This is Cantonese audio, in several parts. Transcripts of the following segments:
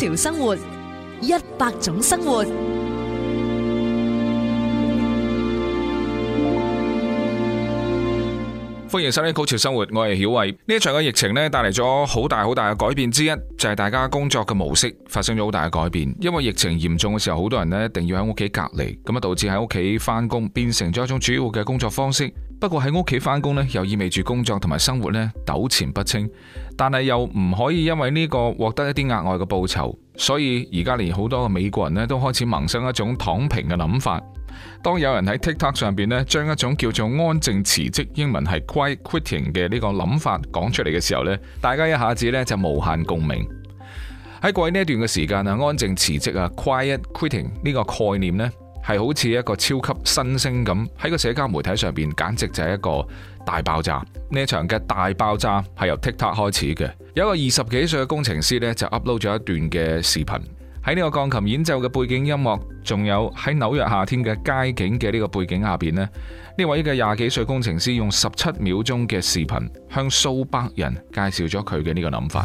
潮生活，一百種生活。歡迎收聽《高潮生活》，我係曉慧。呢一場嘅疫情咧，帶嚟咗好大好大嘅改變之一，就係大家工作嘅模式發生咗好大嘅改變。因為疫情嚴重嘅時候，好多人咧，一定要喺屋企隔離，咁啊導致喺屋企翻工變成咗一種主要嘅工作方式。不過喺屋企翻工咧，又意味住工作同埋生活呢，糾纏不清，但係又唔可以因為呢個獲得一啲額外嘅報酬。所以而家連好多嘅美國人咧都開始萌生一種躺平嘅諗法。當有人喺 TikTok 上邊咧，將一種叫做安靜辭職（英文係 Quiet Quitting） 嘅呢個諗法講出嚟嘅時候咧，大家一下子咧就無限共鳴。喺過去呢一段嘅時間啊，安靜辭職啊，Quiet Quitting 呢個概念咧，係好似一個超級新星咁喺個社交媒體上邊，簡直就係一個大爆炸。呢一場嘅大爆炸係由 TikTok 開始嘅，有一個二十幾歲嘅工程師咧就 upload 咗一段嘅視頻。喺呢個鋼琴演奏嘅背景音樂，仲有喺紐約夏天嘅街景嘅呢個背景下邊咧，呢位嘅廿幾歲工程師用十七秒鐘嘅視頻，向數百人介紹咗佢嘅呢個諗法。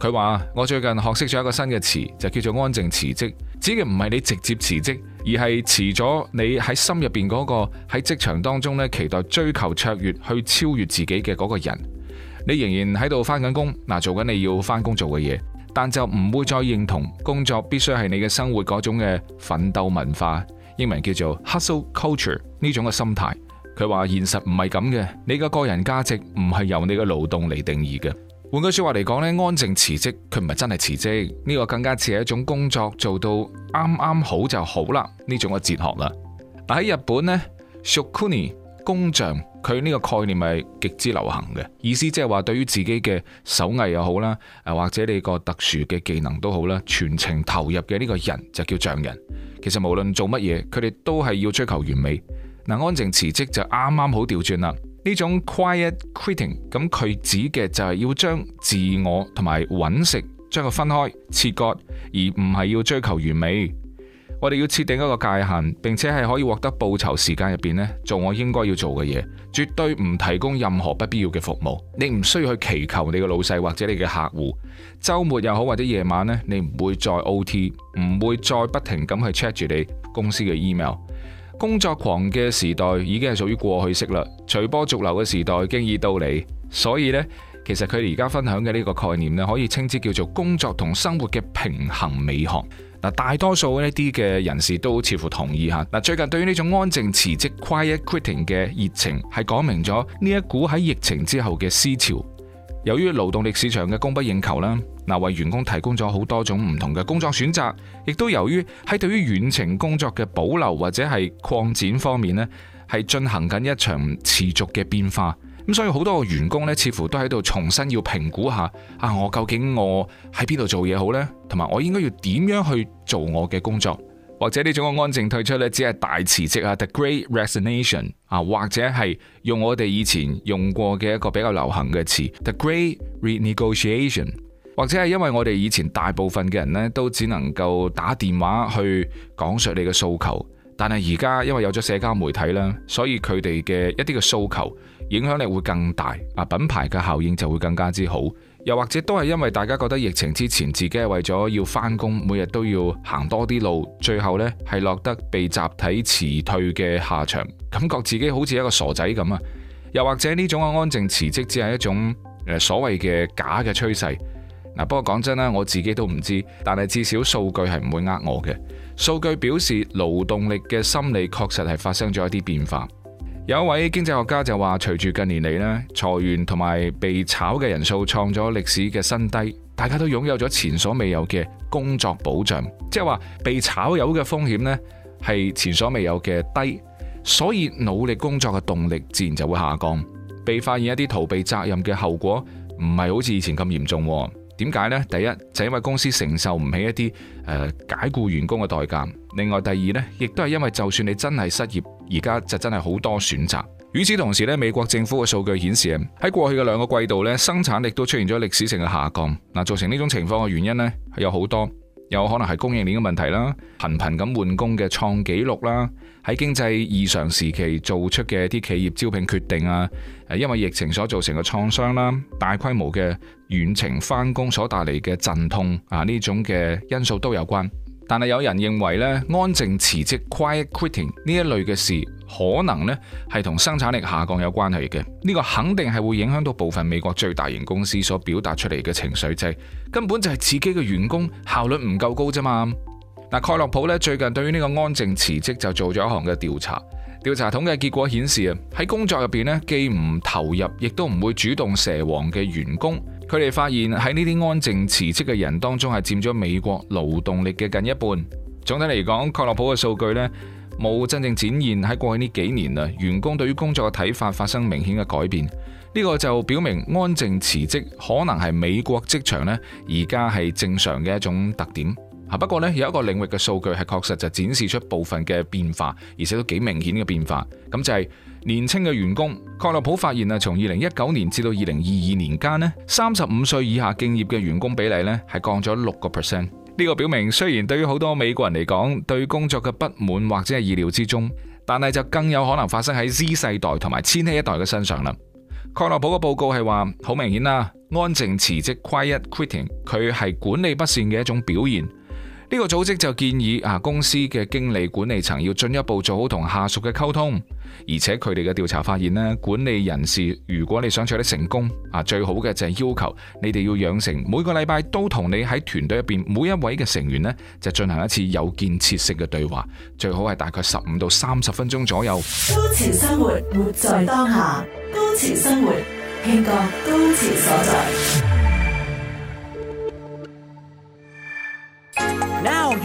佢話：我最近學識咗一個新嘅詞，就叫做安靜辭職。指嘅唔係你直接辭職，而係辭咗你喺心入邊嗰個喺職場當中呢期待追求卓越去超越自己嘅嗰個人。你仍然喺度翻緊工，嗱，做緊你要翻工做嘅嘢，但就唔會再認同工作必須係你嘅生活嗰種嘅奮鬥文化，英文叫做 hustle culture 呢種嘅心態。佢話現實唔係咁嘅，你嘅個人價值唔係由你嘅勞動嚟定義嘅。換句話說話嚟講咧，安靜辭職佢唔係真係辭職，呢、呢個更加似係一種工作做到啱啱好就好啦，呢種嘅哲學啦。喺日本呢，「咧，Shokunin 工匠佢呢個概念係極之流行嘅，意思即係話對於自己嘅手藝又好啦，或者你個特殊嘅技能都好啦，全程投入嘅呢個人就叫匠人。其實無論做乜嘢，佢哋都係要追求完美。嗱，安靜辭職就啱啱好調轉啦。呢種 quiet quitting，咁佢指嘅就係要將自我同埋揾食將佢分開切割，而唔係要追求完美。我哋要設定一個界限，並且係可以獲得報酬時間入邊呢，做我應該要做嘅嘢，絕對唔提供任何不必要嘅服務。你唔需要去祈求你嘅老細或者你嘅客戶，週末又好或者夜晚呢，你唔會再 OT，唔會再不停咁去 check 住你公司嘅 email。工作狂嘅時代已經係屬於過去式啦，隨波逐流嘅時代經已到嚟，所以呢，其實佢哋而家分享嘅呢個概念呢，可以稱之叫做工作同生活嘅平衡美學。嗱，大多數呢啲嘅人士都似乎同意嚇。嗱，最近對於呢種安靜辭職 （quiet quitting） 嘅熱情，係講明咗呢一股喺疫情之後嘅思潮。由於勞動力市場嘅供不應求啦，嗱，為員工提供咗好多種唔同嘅工作選擇，亦都由於喺對於遠程工作嘅保留或者係擴展方面呢，係進行緊一場持續嘅變化，咁所以好多員工呢，似乎都喺度重新要評估下啊，我究竟我喺邊度做嘢好呢？同埋我應該要點樣去做我嘅工作。或者呢種嘅安靜退出呢，只係大辭職啊，The Great Resignation 啊，或者係用我哋以前用過嘅一個比較流行嘅詞，The Great Renegotiation，或者係因為我哋以前大部分嘅人呢，都只能夠打電話去講述你嘅訴求，但係而家因為有咗社交媒體啦，所以佢哋嘅一啲嘅訴求影響力會更大啊，品牌嘅效應就會更加之好。又或者都係因為大家覺得疫情之前自己係為咗要翻工，每日都要行多啲路，最後呢係落得被集體辭退嘅下場，感覺自己好似一個傻仔咁啊！又或者呢種嘅安靜辭職只係一種所謂嘅假嘅趨勢嗱。不過講真啦，我自己都唔知，但係至少數據係唔會呃我嘅。數據表示勞動力嘅心理確實係發生咗一啲變化。有一位經濟學家就話：隨住近年嚟呢裁員同埋被炒嘅人數創咗歷史嘅新低，大家都擁有咗前所未有嘅工作保障，即係話被炒有嘅風險呢係前所未有嘅低，所以努力工作嘅動力自然就會下降。被發現一啲逃避責任嘅後果唔係好似以前咁嚴重。點解呢？第一就是、因為公司承受唔起一啲、呃、解雇員工嘅代價。另外第二呢，亦都係因為就算你真係失業。而家就真係好多選擇。與此同時咧，美國政府嘅數據顯示，喺過去嘅兩個季度咧，生產力都出現咗歷史性嘅下降。嗱，造成呢種情況嘅原因咧，有好多，有可能係供應鏈嘅問題啦，頻頻咁換工嘅創紀錄啦，喺經濟異常時期做出嘅啲企業招聘決定啊，因為疫情所造成嘅創傷啦，大規模嘅遠程翻工所帶嚟嘅陣痛啊，呢種嘅因素都有關。但係有人認為咧，安靜辭職 （quiet quitting） 呢一類嘅事，可能咧係同生產力下降有關係嘅。呢、這個肯定係會影響到部分美國最大型公司所表達出嚟嘅情緒劑，就是、根本就係自己嘅員工效率唔夠高啫嘛。嗱，蓋洛普咧最近對於呢個安靜辭職就做咗一項嘅調查，調查統計結果顯示啊，喺工作入邊咧既唔投入，亦都唔會主動蛇王嘅員工。佢哋發現喺呢啲安靜辭職嘅人當中係佔咗美國勞動力嘅近一半。總體嚟講，克洛普嘅數據呢冇真正展現喺過去呢幾年啊，員工對於工作嘅睇法發生明顯嘅改變。呢、這個就表明安靜辭職可能係美國職場呢而家係正常嘅一種特點。不過咧，有一個領域嘅數據係確實就展示出部分嘅變化，而且都幾明顯嘅變化。咁就係年輕嘅員工。蓋洛普發現啊，從二零一九年至到二零二二年間咧，三十五歲以下敬業嘅員工比例咧係降咗六個 percent。呢個表明雖然對於好多美國人嚟講對工作嘅不滿或者係意料之中，但係就更有可能發生喺 Z 世代同埋千禧一代嘅身上啦。蓋洛普嘅報告係話好明顯啦，安靜辭職 （quiet quitting） 佢係管理不善嘅一種表現。呢個組織就建議啊，公司嘅經理管理層要進一步做好同下屬嘅溝通，而且佢哋嘅調查發現咧，管理人士如果你想取得成功，啊，最好嘅就係要求你哋要養成每個禮拜都同你喺團隊入邊每一位嘅成員咧，就進行一次有建設性嘅對話，最好係大概十五到三十分鐘左右。高潮生活，活在當下；高潮生活，慶覺高潮所在。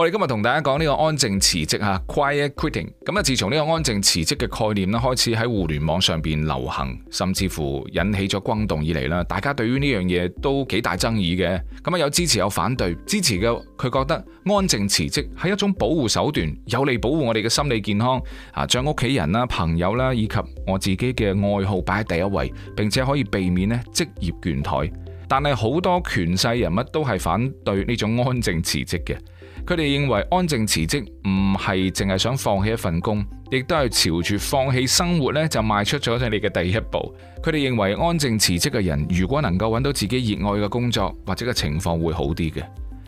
我哋今日同大家講呢個安靜辭職吓，quiet quitting。咁啊，自從呢個安靜辭職嘅概念呢開始喺互聯網上邊流行，甚至乎引起咗轟動以嚟啦。大家對於呢樣嘢都幾大爭議嘅。咁啊，有支持有反對。支持嘅佢覺得安靜辭職係一種保護手段，有利保護我哋嘅心理健康啊，將屋企人啦、朋友啦以及我自己嘅愛好擺喺第一位，並且可以避免呢職業倦怠。但係好多權勢人物都係反對呢種安靜辭職嘅。佢哋認為安靜辭職唔係淨係想放棄一份工，亦都係朝住放棄生活呢，就邁出咗佢哋嘅第一步。佢哋認為安靜辭職嘅人，如果能夠揾到自己熱愛嘅工作或者嘅情況會好啲嘅。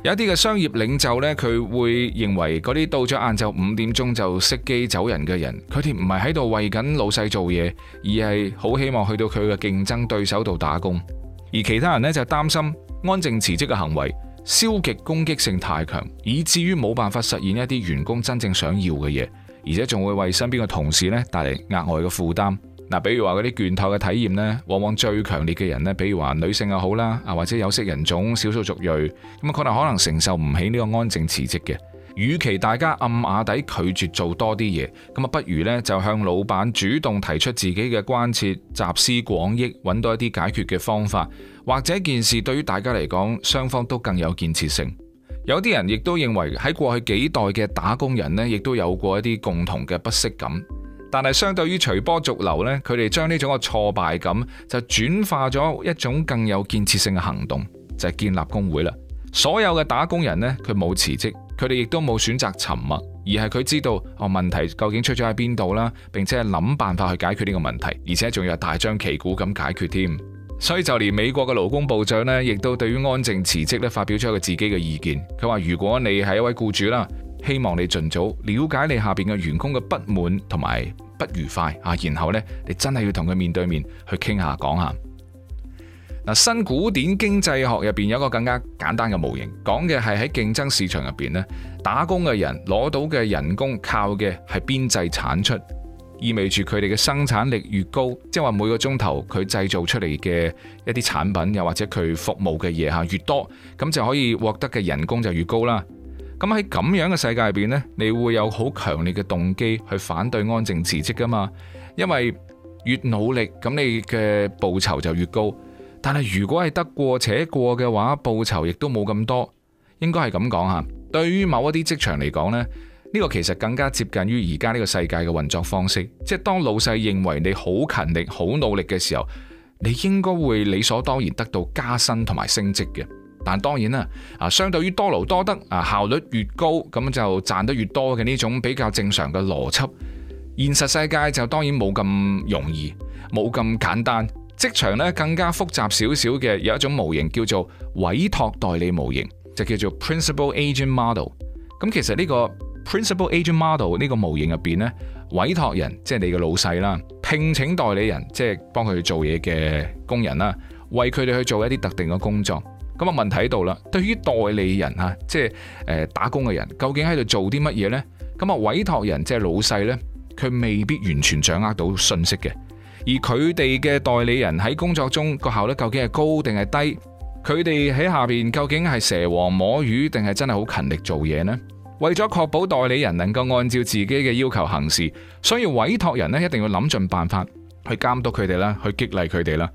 有一啲嘅商業領袖呢，佢會認為嗰啲到咗晏晝五點鐘就熄機走人嘅人，佢哋唔係喺度為緊老細做嘢，而係好希望去到佢嘅競爭對手度打工。而其他人呢，就擔心安靜辭職嘅行為。消極攻擊性太強，以至於冇辦法實現一啲員工真正想要嘅嘢，而且仲會為身邊嘅同事咧帶嚟額外嘅負擔。嗱，比如話嗰啲倦透嘅體驗咧，往往最強烈嘅人咧，比如話女性又好啦，啊或者有色人種、少數族裔，咁啊可能可能承受唔起呢個安靜辭職嘅。與其大家暗啞底拒絕做多啲嘢，咁啊不如呢，就向老闆主動提出自己嘅關切，集思廣益揾到一啲解決嘅方法，或者件事對於大家嚟講，雙方都更有建設性。有啲人亦都認為喺過去幾代嘅打工人呢，亦都有過一啲共同嘅不適感，但係相對於隨波逐流呢，佢哋將呢種嘅挫敗感就轉化咗一種更有建設性嘅行動，就係建立工會啦。所有嘅打工人呢，佢冇辭職。佢哋亦都冇選擇沉默，而係佢知道哦問題究竟出咗喺邊度啦，並且係諗辦法去解決呢個問題，而且仲要大張旗鼓咁解決添。所以就連美國嘅勞工部長呢，亦都對於安靜辭職咧發表咗佢自己嘅意見。佢話，如果你係一位僱主啦，希望你盡早了解你下邊嘅員工嘅不滿同埋不愉快啊，然後呢，你真係要同佢面對面去傾下講下。新古典經濟學入邊有一個更加簡單嘅模型，講嘅係喺競爭市場入邊呢，打工嘅人攞到嘅人工靠嘅係邊際產出，意味住佢哋嘅生產力越高，即係話每個鐘頭佢製造出嚟嘅一啲產品又或者佢服務嘅嘢吓越多，咁就可以獲得嘅人工就越高啦。咁喺咁樣嘅世界入邊呢，你會有好強烈嘅動機去反對安靜辭職噶嘛？因為越努力咁，你嘅報酬就越高。但係如果係得過且過嘅話，報酬亦都冇咁多，應該係咁講吓。對於某一啲職場嚟講，呢呢個其實更加接近於而家呢個世界嘅運作方式，即係當老細認為你好勤力、好努力嘅時候，你應該會理所當然得到加薪同埋升職嘅。但當然啦，啊，相對於多勞多得啊，效率越高咁就賺得越多嘅呢種比較正常嘅邏輯，現實世界就當然冇咁容易，冇咁簡單。職場咧更加複雜少少嘅，有一種模型叫做委託代理模型，就叫做 principal-agent model。咁其實呢個 principal-agent model 呢個模型入邊呢，委託人即係你嘅老細啦，聘請代理人即係幫佢做嘢嘅工人啦，為佢哋去做一啲特定嘅工作。咁啊問題喺度啦，對於代理人啊，即係誒打工嘅人，究竟喺度做啲乜嘢呢？咁啊委託人即係老細呢，佢未必完全掌握到信息嘅。而佢哋嘅代理人喺工作中個效率究竟係高定係低？佢哋喺下邊究竟係蛇王摸魚定係真係好勤力做嘢呢？為咗確保代理人能夠按照自己嘅要求行事，所以委託人呢一定要諗盡辦法去監督佢哋啦，去激勵佢哋啦。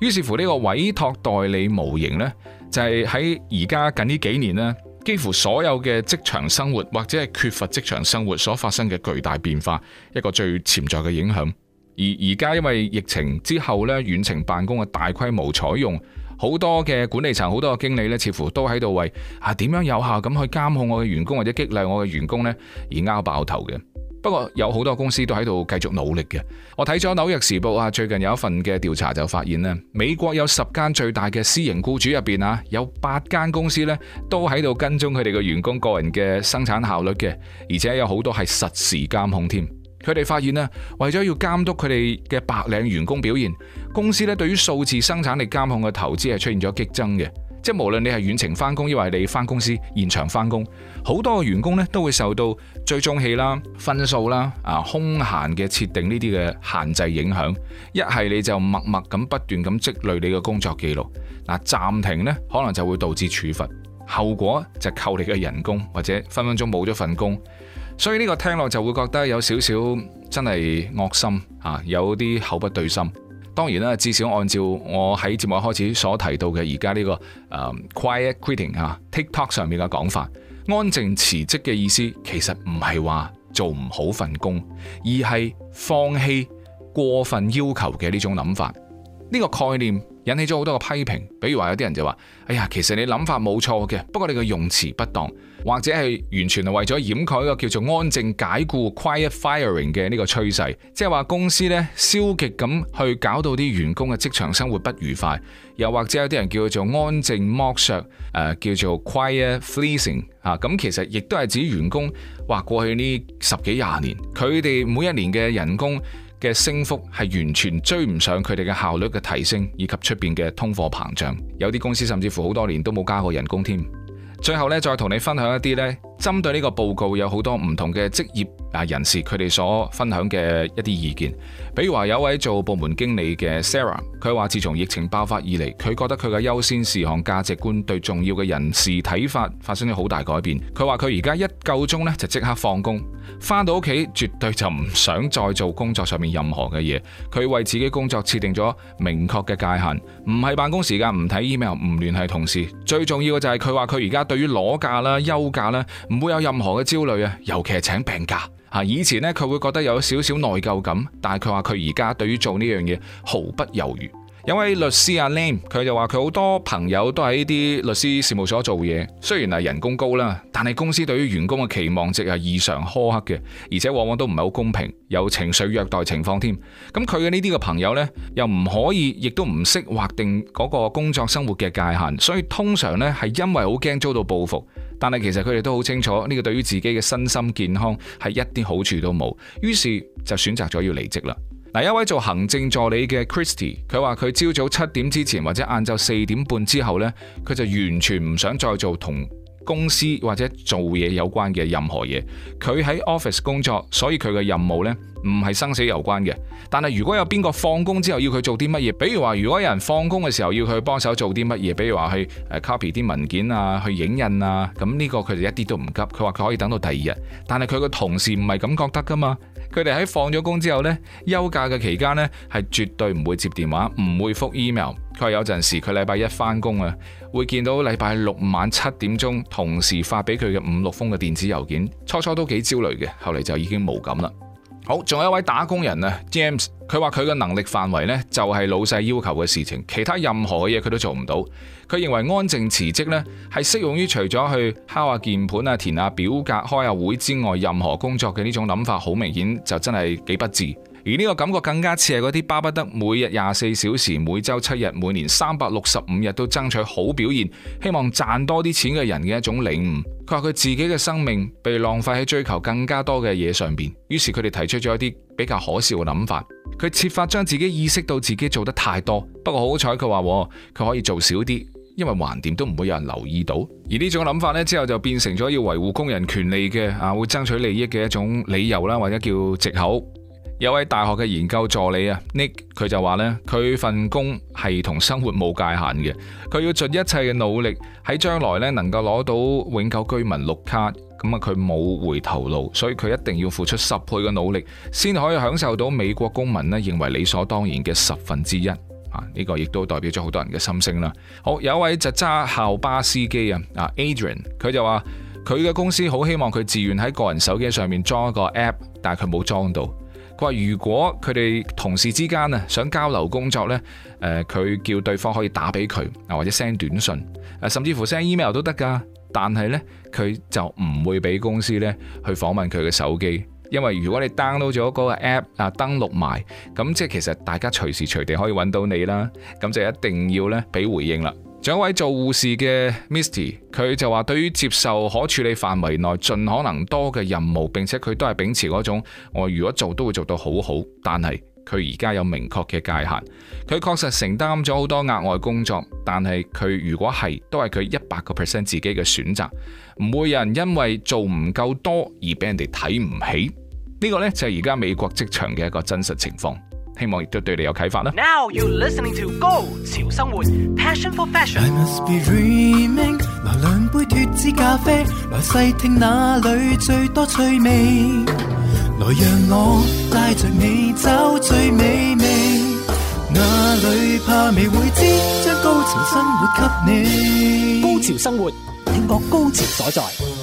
於是乎呢個委託代理模型呢，就係喺而家近呢幾年呢，幾乎所有嘅職場生活或者係缺乏職場生活所發生嘅巨大變化，一個最潛在嘅影響。而而家因為疫情之後咧，遠程辦公嘅大規模採用，好多嘅管理層、好多嘅經理咧，似乎都喺度為啊點樣有效咁去監控我嘅員工或者激勵我嘅員工呢而拗爆頭嘅。不過有好多公司都喺度繼續努力嘅。我睇咗紐約時報啊，最近有一份嘅調查就發現呢，美國有十間最大嘅私營雇主入邊啊，有八間公司呢都喺度跟蹤佢哋嘅員工個人嘅生產效率嘅，而且有好多係實時監控添。佢哋發現呢，為咗要監督佢哋嘅白領員工表現，公司咧對於數字生產力監控嘅投資係出現咗激增嘅。即係無論你係遠程翻工，抑或係你翻公司現場翻工，好多嘅員工咧都會受到追蹤器啦、分數啦、啊空閒嘅設定呢啲嘅限制影響。一係你就默默咁不斷咁積累你嘅工作記錄，嗱，暫停呢可能就會導致處罰，後果就扣你嘅人工或者分分鐘冇咗份工。所以呢個聽落就會覺得有少少真係噁心嚇，有啲口不對心。當然啦，至少按照我喺節目開始所提到嘅而家呢個、呃、quiet quitting 啊 TikTok 上面嘅講法，安靜辭職嘅意思其實唔係話做唔好份工，而係放棄過分要求嘅呢種諗法，呢、呢個概念。引起咗好多嘅批評，比如話有啲人就話，哎呀，其實你諗法冇錯嘅，不過你嘅用詞不當，或者係完全係為咗掩蓋一個叫做安靜解雇 （quiet firing） 嘅呢個趨勢，即係話公司呢，消極咁去搞到啲員工嘅職場生活不愉快，又或者有啲人叫做安靜剝削，誒、呃、叫做 quiet fleecing 啊，咁其實亦都係指員工話過去呢十幾廿年，佢哋每一年嘅人工。嘅升幅係完全追唔上佢哋嘅效率嘅提升，以及出邊嘅通貨膨脹。有啲公司甚至乎好多年都冇加過人工添。最後咧，再同你分享一啲呢，針對呢個報告有好多唔同嘅職業。嗱，人事佢哋所分享嘅一啲意見，比如話有位做部門經理嘅 Sarah，佢話自從疫情爆發以嚟，佢覺得佢嘅優先事項、價值觀、對重要嘅人事睇法發生咗好大改變。佢話佢而家一夠鐘呢就即刻放工，翻到屋企絕對就唔想再做工作上面任何嘅嘢。佢為自己工作設定咗明確嘅界限，唔係辦公時間唔睇 email、唔聯繫同事。最重要嘅就係佢話佢而家對於攞假啦、休假啦，唔會有任何嘅焦慮啊，尤其係請病假。吓！以前呢，佢會覺得有少少內疚感，但係佢話佢而家對於做呢樣嘢毫不猶豫。有位律師阿 Lam，佢就話佢好多朋友都喺呢啲律師事務所做嘢，雖然係人工高啦，但係公司對於員工嘅期望值係異常苛刻嘅，而且往往都唔係好公平，有情緒虐待情況添。咁佢嘅呢啲嘅朋友呢，又唔可以，亦都唔識劃定嗰個工作生活嘅界限，所以通常呢，係因為好驚遭到報復。但係其實佢哋都好清楚呢個對於自己嘅身心健康係一啲好處都冇，於是就選擇咗要離職啦。嗱，一位做行政助理嘅 Christy，佢話佢朝早七點之前或者晏晝四點半之後呢，佢就完全唔想再做同。公司或者做嘢有關嘅任何嘢，佢喺 office 工作，所以佢嘅任務呢唔係生死有關嘅。但係如果有邊個放工之後要佢做啲乜嘢，比如話如果有人放工嘅時候要佢幫手做啲乜嘢，比如話去 copy 啲文件啊、去影印啊，咁呢個佢就一啲都唔急，佢話佢可以等到第二日。但係佢個同事唔係咁覺得㗎嘛。佢哋喺放咗工之後呢，休假嘅期間呢，係絕對唔會接電話，唔會覆 email。佢話有陣時，佢禮拜一返工啊，會見到禮拜六晚七點鐘同事發俾佢嘅五六封嘅電子郵件，初初都幾焦慮嘅，後嚟就已經冇感啦。好，仲有一位打工人啊，James，佢話佢嘅能力範圍呢，就係老細要求嘅事情，其他任何嘅嘢佢都做唔到。佢認為安靜辭職呢，係適用於除咗去敲下鍵盤啊、填下表格、開下會之外，任何工作嘅呢種諗法，好明顯就真係幾不智。而呢個感覺更加似係嗰啲巴不得每日廿四小時、每週七日、每年三百六十五日都爭取好表現，希望賺多啲錢嘅人嘅一種領悟。佢話佢自己嘅生命被浪費喺追求更加多嘅嘢上邊，於是佢哋提出咗一啲比較可笑嘅諗法。佢設法將自己意識到自己做得太多，不過好彩佢話佢可以做少啲，因為橫掂都唔會有人留意到。而呢種諗法咧之後就變成咗要維護工人權利嘅啊，會爭取利益嘅一種理由啦，或者叫藉口。有位大學嘅研究助理啊，Nick，佢就話呢佢份工係同生活冇界限嘅，佢要盡一切嘅努力喺將來呢能夠攞到永久居民綠卡，咁啊佢冇回頭路，所以佢一定要付出十倍嘅努力先可以享受到美國公民呢認為理所當然嘅十分之一。啊，呢個亦都代表咗好多人嘅心聲啦。好，有位就揸校巴司機啊，啊 Adrian，佢就話佢嘅公司好希望佢自願喺個人手機上面裝一個 app，但係佢冇裝到。話如果佢哋同事之間啊想交流工作呢，誒佢叫對方可以打俾佢啊或者 send 短信，誒甚至乎 send email 都得噶，但係呢，佢就唔會俾公司呢去訪問佢嘅手機，因為如果你 download 咗嗰個 app 啊登錄埋，咁即係其實大家隨時隨地可以揾到你啦，咁就一定要呢俾回應啦。有位做護士嘅 Misty，佢就話，對於接受可處理範圍內盡可能多嘅任務，並且佢都係秉持嗰種我如果做都會做到好好，但係佢而家有明確嘅界限。佢確實承擔咗好多額外工作，但係佢如果係都係佢一百個 percent 自己嘅選擇，唔會有人因為做唔夠多而俾人哋睇唔起。呢、呢個呢，就係而家美國職場嘅一個真實情況。希望亦都對你有啟發啦。Now you listening to 高潮生活，passion for fashion。I must be dreaming。來兩杯脫脂咖啡，來細聽哪裏最多趣味，來讓我帶着你找最美味，哪裏怕未會知，將高潮生活給你。高潮生活，聽過高潮所在。